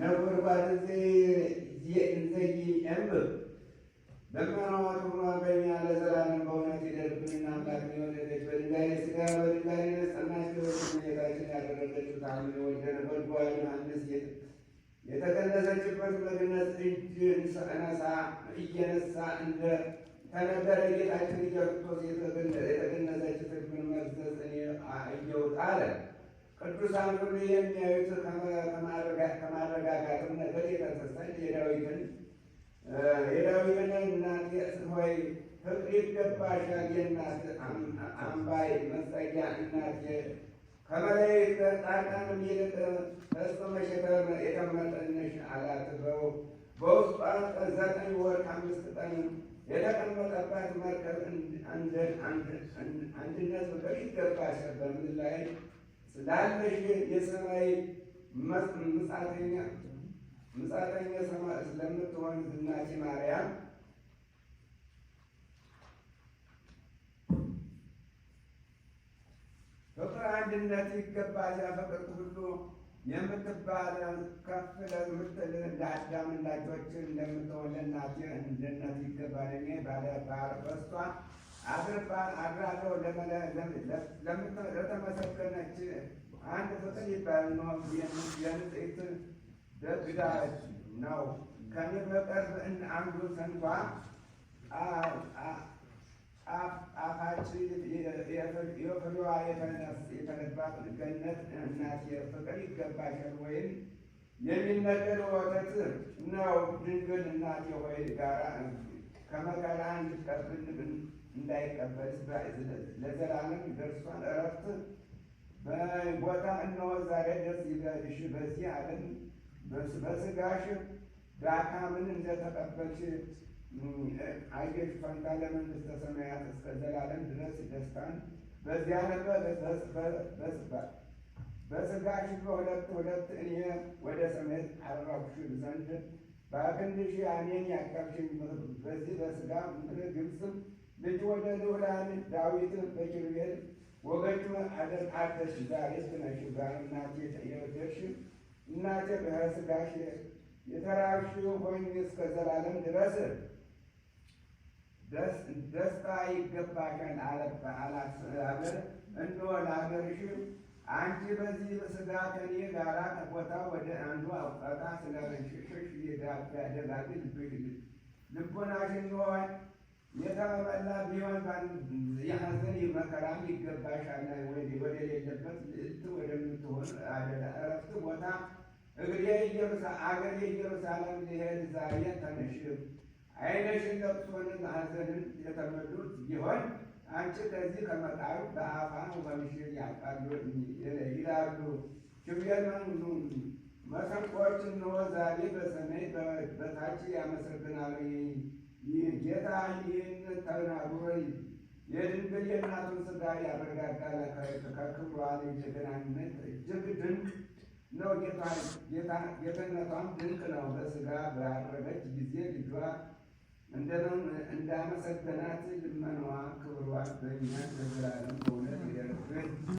ነበርባት እንዘይጨምር በቅመናዋ ተብሎ በኛ ለዘላለም በእውነት ይደርብንና አምላክ የወለደች በድንጋይ ስጋ በድንጋይ ነጸናች ጌታችን ያደረገችው ካህን ወልደ ነጎድጓ ዮሐንስ የተቀደሰችበት በገነት እጅ እንሰነሳ እየነሳ እንደ ተነገረ ጌታችን ኢየሱስ ክርስቶስ የተገነዘችበት መቅደስ እኔ እየውጣ ቅዱሳን ሁሉ የሚያዩት ከማረጋጋት ነገር የተነሳ የዳዊትን የዳዊትን እናት ሆይ ፍቅር ይገባሻል የእናት አምባይ መጸጊያ እናት ከመላእክት ጻድቃንም ይልቅ ፈጽመሽ የተመጠንሽ አላት። በውስጧ ዘጠኝ ወር ከአምስት ቀን የተቀመጠባት መርከብ አንድነት ፍቅር ይገባሻል በምን ላይ ስላለሽ የሰማይ ምጻተኛ ምጻተኛ ሰማይ ስለምትሆን እናቴ ማርያም ፍቅር አንድነት ይገባል። ያፈቅርኩ ሁሉ የምትባል ከፍ ለምትል ለአዳም እናቶችን እንደምትሆን ለእናቴ አንድነት ይገባል። እኔ ባለ ባለ በስቷ አድራለው ለተመሰገነች አንድ ፍቅር ይባል የንጽሕት ግዳ ነው። ከኔ በቀር አንዱ እንኳ ጣፋጭ የፍሬዋ የተነባት ገነት እናት ፍቅር ይገባሻል ወይም የሚነገር ወተት ነው። ድንግል እናቴ ሆይ ጋራ ከመከራ እንድትቀብልን እንዳይቀበልስ ለዘላለም ደርሷን እረፍት በቦታ እነሆ ዛሬ ደስ ይበልሽ። በዚህ ዓለም በስጋሽ ዳካምን እንደተቀበልሽ አየሽ ፈንታ ለመንግሥተ ሰማያት እስከ ዘላለም ድረስ ደስታን በዚያ ነበር በስጋሽ በሁለት ሁለት እኔ ወደ ሰማያት አራኩሽ ዘንድ በክንድሽ እኔን ያቀፍሽኝ በዚህ በስጋ ምድር ግብፅም ልጅ ወደ ልዑላን ዳዊት በኪሩቤል ወገን አደርአተሽ ዛሬስ ነሽ እናቴ የወደድሽ እናቴ በሥጋሽ የተራብሽ ሆኝ እስከ ዘላለም ድረስ ደስታ ይገባሻል አላት። አገር እንደ ወደ አንቺ በዚህ በስጋ ከኔ ጋራ ከቦታ ወደ አንዱ አውጣታ ስለመሸሸሽ ያደጋግ ልብሽ ልቦናሽን ይሆን የተበላ ቢሆን የሐዘን መከራም ይገባሻል። ወደ ሌለበት ልዕልት ወደምትሆን አደጋ እረፍት ቦታ እግሬ አገሬ ኢየሩሳሌም ልሄድ ዛሬ ተነሽ። ዓይነሽን ለቅሶንን ሐዘንን የተመሉት ቢሆን አንቺ ከዚህ ከመቃብር በአፋን በምሽት ያልቃሉ ይላሉ። ክብየመኑ መሰንቆዎች እነሆ ዛሬ በሰማይ በታች ያመሰግናሉ። ጌታ ይህን ተናግሮ የድንግል የእናቱን ስጋ ያረጋጋል። ከክብሯን የተገናኝነት እጅግ ድንቅ ነው። ጌትነቷም ድንቅ ነው። በስጋ ባረገች ጊዜ ልጇ እንዳመሰገናት ልመናዋ ክብሯ በእኛ ለዘላለም በእውነት ይደርብን።